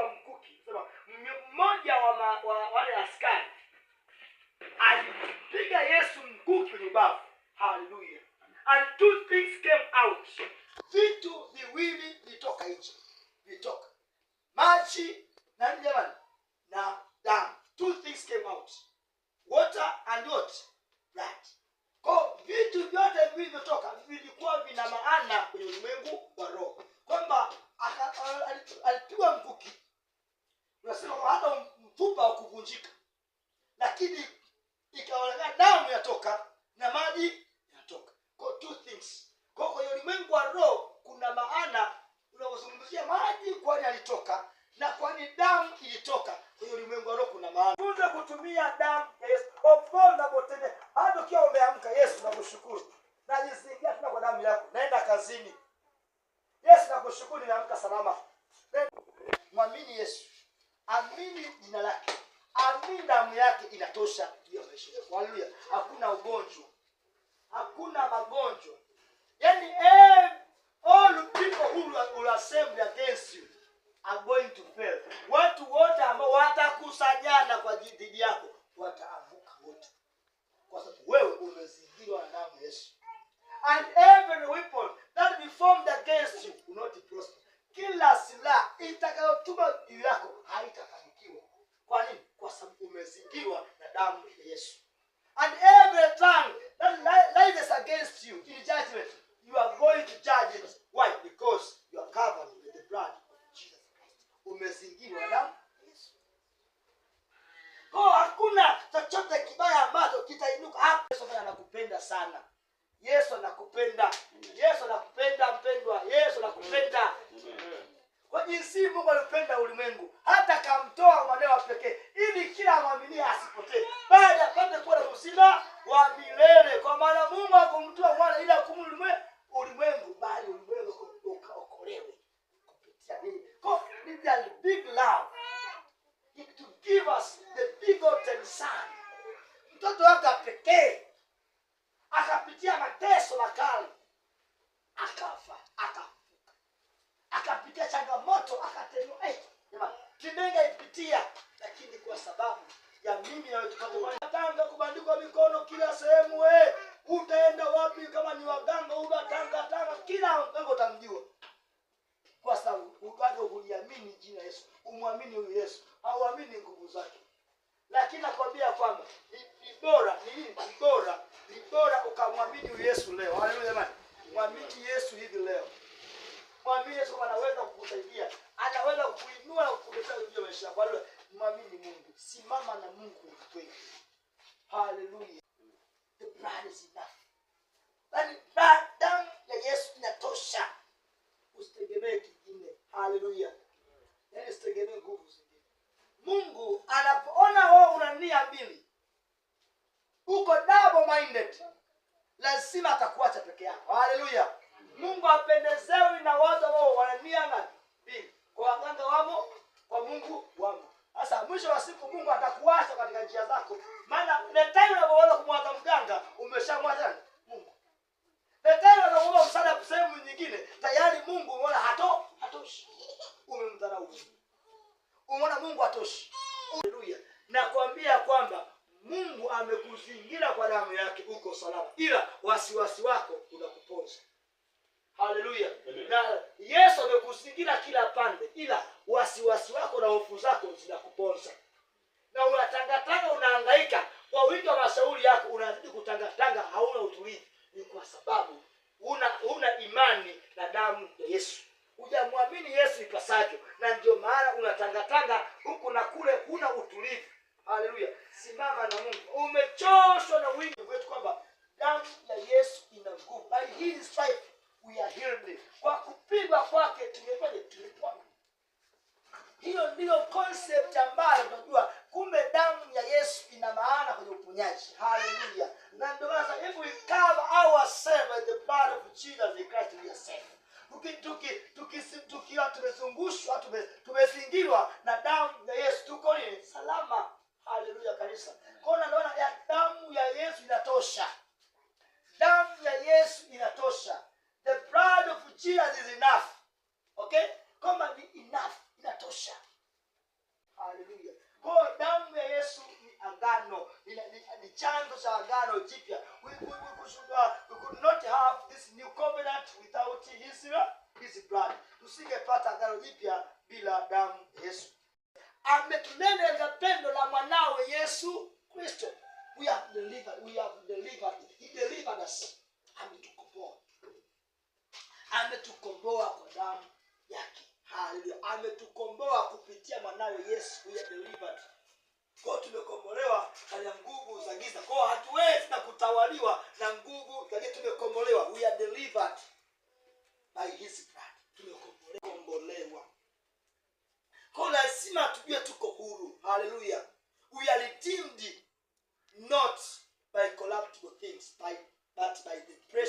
alipigwa mkuki sema mmoja wa, ma, wa wale askari alipiga yesu mkuki kwenye bafu haleluya and two things came out vitu viwili vitoka nje vitoka maji na jamani na damu two things came out water and what blood ko vitu vyote vilivyotoka vilikuwa vina maana kwenye ulimwengu wa roho kwamba alipigwa mkuki unasema hata mfupa kuvunjika, lakini ikaonekana damu yatoka na maji yanatoka. Kwa two things, kwa kwenye ulimwengu wa roho kuna maana unapozungumzia maji, kwani alitoka na kwani damu ilitoka. Kwenye ulimwengu wa roho kuna maana. kutumia damu Yesu hata ukiwa umeamka. Yesu nakushukuru, kwa damu yako, naenda kazini. Yesu nakushukuru, salama. Mwamini Yesu amini jina lake, amini damu yake inatosha juu maisha yako. Haleluya! Hakuna ugonjwa, hakuna magonjwa chochote kibaya ambacho kitainuka hapa. Ah, Yesu anakupenda sana. Yesu anakupenda. Yesu anakupenda mpendwa. Yesu anakupenda. Kwa jinsi Mungu alipenda ulimwengu hata akamtoa mwanae wa pekee mtoto wake apekee akapitia mateso makali, akafa, akafuka, akapitia changamoto, akatenwa eh, Kibenga ipitia, lakini kwa sababu ya mimi nawe tupate kubandikwa mikono kila sehemu eh. Haleluya. Yaani sitegemee nguvu zingine. Mungu anapoona wewe una nia mbili, uko double minded, lazima atakuacha peke yako. Haleluya. Mungu apendezewi na watu wao wana nia Mbili. Kwa waganga wamo, kwa Mungu wamo. Sasa mwisho wa siku Mungu atakuacha katika njia zako, maana netai unapoweza kumwaga mganga umeshamwacha Mungu. Netai unapoweza msada sehemu nyingine tayari Mungu Mungu hatoshi. Haleluya. Nakwambia kwamba Mungu amekuzingira kwa damu yake, uko salama, ila wasiwasi wako unakuponza. Haleluya. Na Yesu amekuzingira kila pande, ila wasiwasi wako na hofu zako zinakuponza, na unatangatanga, unahangaika kwa wingi wa mashauri yako, unazidi kutangatanga, hauna utulivu. Ni kwa sababu una, una imani na damu ya Yesu hujamwamini Yesu ipasavyo, na ndio maana unatangatanga huku na kule, huna utulivu. Haleluya! Simama na Mungu, umechoshwa na wingi wetu, kwamba damu ya Yesu ina nguvu. By his stripes we are healed, kwa kupigwa kwake tumefanya tulipwa Hiyo ndiyo concept ambayo tunajua, kumbe damu ya Yesu ina maana kwenye uponyaji. Haleluya! na ndio maana hebu we cover ourselves the blood of Jesus tukiwa tumezungushwa tumezingirwa na damu ya Yesu, tuko ni Salama. Haleluya kanisa. Kwa ya damu ya Yesu inatosha, damu ya Yesu inatosha. The blood of Jesus is enough. agano jipya bila damu Yesu. Ametuneneza pendo la mwanawe Yesu Kristo. We have delivered, we have delivered, he delivered us. Ametukomboa, ametukomboa kwa damu yake. Haleluya, ametukomboa kupitia mwanawe Yesu. We are delivered.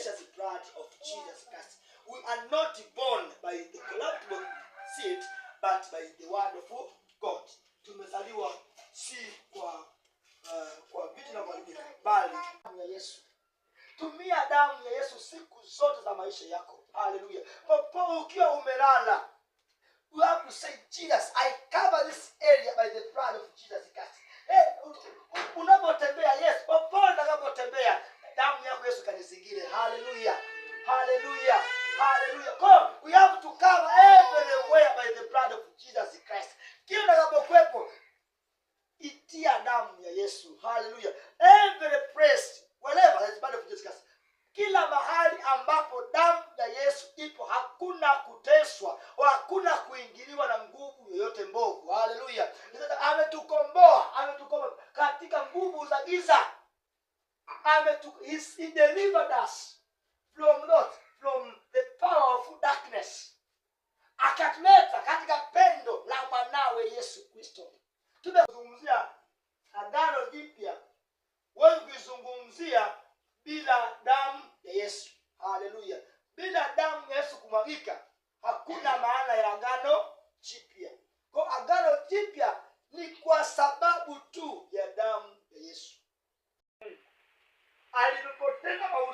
precious blood of Jesus Christ. We are not born by the corruptible seed, but by the word of God. Tumezaliwa si kwa uh, kwa vitu vinavyoharibika, bali damu ya Yesu. Tumia damu ya Yesu siku zote za maisha yako. Haleluya! Popo ukiwa umelala, you have to say Jesus, I cover this area by the blood of Jesus Christ. Hey, eh, unapotembea yes, popote utakapotembea damu yako Yesu kanizingire. Haleluya, haleluya, haleluya. Kwa we have to cover everywhere by the blood of Jesus Christ. Kila utakapokuwepo itia damu ya Yesu. Haleluya, every place whatever that's blood of Jesus Christ. Kila mahali ambapo damu ya Yesu ipo hakuna kuteswa, I'm to, he delivered us from what?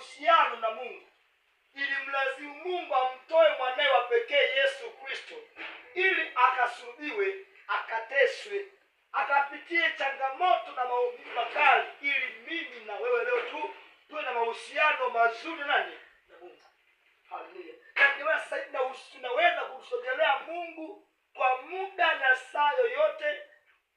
uhusiano na Mungu, ili mlazimu Mungu amtoe mwanaye wa pekee Yesu Kristo ili akasulubiwe, akateswe, akapitie changamoto na maumivu makali, ili mimi na wewe leo tu tuwe na mahusiano mazuri nani na Mungu. Haleluya! Sasa tunaweza kumsogelea Mungu kwa muda na saa yoyote,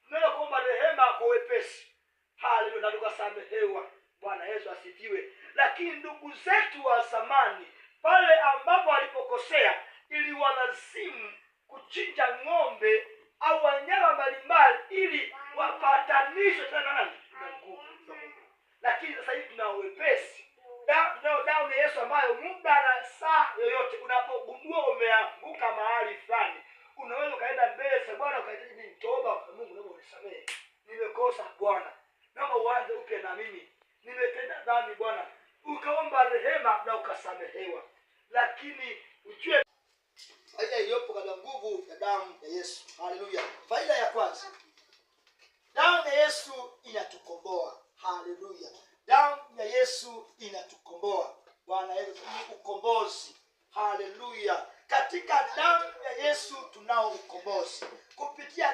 tunaweza kuomba rehema kwa wepesi. Haleluya! na tukasamehewa. Bwana Yesu asifiwe lakini ndugu zetu wa zamani pale ambapo walipokosea, ili wanazimu kuchinja ng'ombe au wanyama mbalimbali ili wapatanishwe tena nani na nguvu Lakini sasa hivi tuna wepesi tunao damu ya Yesu ambayo muda na saa makuu ya damu ya Yesu. Haleluya! Faida ya kwanza, damu ya Yesu inatukomboa. Haleluya! Damu ya Yesu inatukomboa. Bwana Yesu ni ukombozi. Haleluya! Katika damu ya Yesu tunao ukombozi kupitia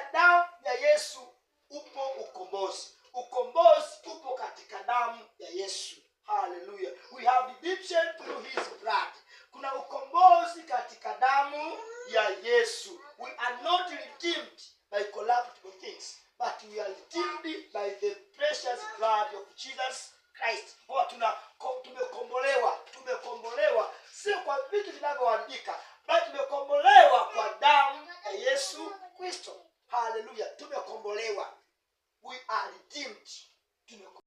by the precious blood of Jesus Christ. Tumekombolewa, tumekombolewa sio kwa vitu vinavyoandika